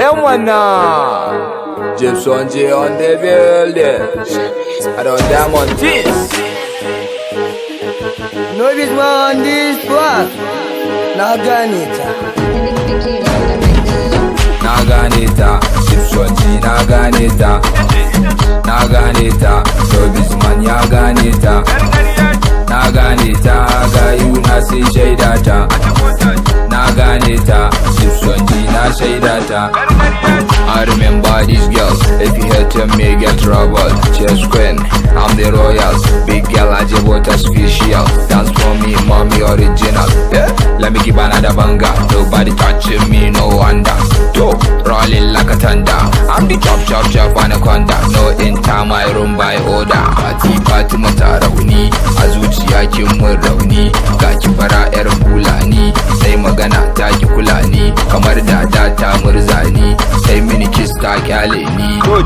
ɛwɔna jesɔnji ɔndɛbɛlɛ adɔdamɔtis nobismɔndiswa naganita naganita jesɔnji naganita naganita sobisman yaganita naganita gayunasi jeidata na I remember these girls. If you hate them, may get trouble Chess queen, I'm the royals Big girl, I just what special Dance for me, mommy original yeah? Let me give another banga. Nobody touching me, no one dance Dope, rolling like a thunder I'm the chop chop chop anaconda No in time, I run by order Party party, we need.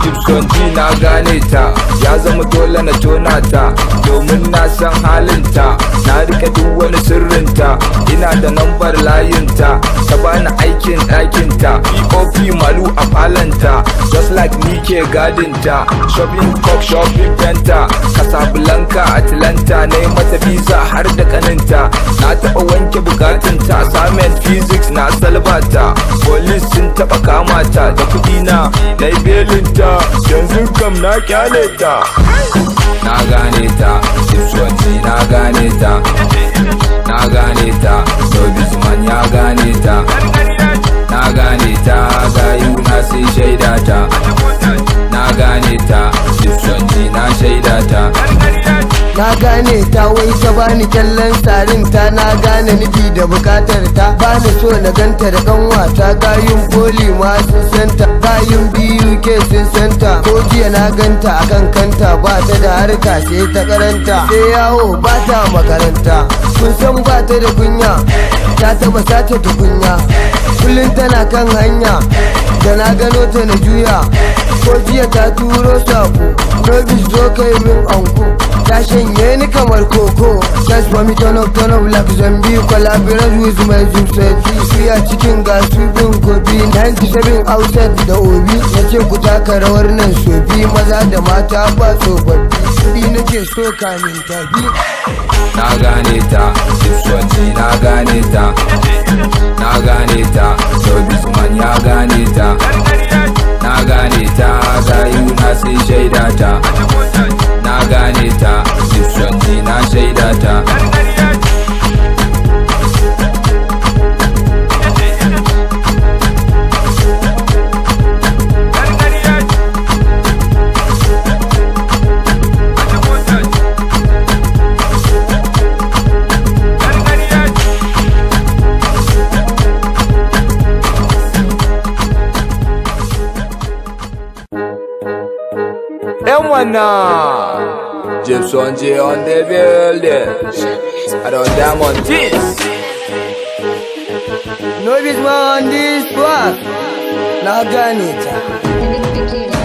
gibson na gane ta ya zama dole na tona ta domin na san halin ta na rike duk wani sirrinta ina da nambar layin ta ta bani aikin ɗakin ta pop malu a falanta just like me ke gadinta shopping cock shopping penta casablanca atlanta na yi mata visa har da kaninta na taɓa wanke bukatunta na salbata polis sun taba kama ta da kudi na na belinta yanzu kam na kyale ta na gane ta sipswanci na gane ta na gane ta sobisman ya gane ta na gane ta gayu na sai shaida ta na gane ta na shaida ta na gane ta wai ta bani kyallon tsarin ta na gane nufi da bukatar ta bani so na ganta da kan wasa gayun poli ma sun santa bayin biyu ke sun santa ko jiya na ganta akan kanta ba ta da harka sai ta karanta sai yawo ba ta makaranta kun san ba ta da kunya ta taba sace tukunya kullum tana kan hanya da na gano ta na juya ko jiya ta turo sako Nobis zo kai min anko Ta shanye ni kamar koko Cash for me turn up turn up like zombie Collaborate with my zubsaki Suya cikin gasu bin gobi 97 outside da obi Yace ku taka rawar nan sobi Maza da mata ba tsofaffi Kuɗi nake so kamin bi Na gane ta, Sipswati na gane ta Na gane ta, Sobis man ya gane ta I need time. Ghana. Gypson J on the building. I don't damn on this. No, this man on this part. Now, Ghanita.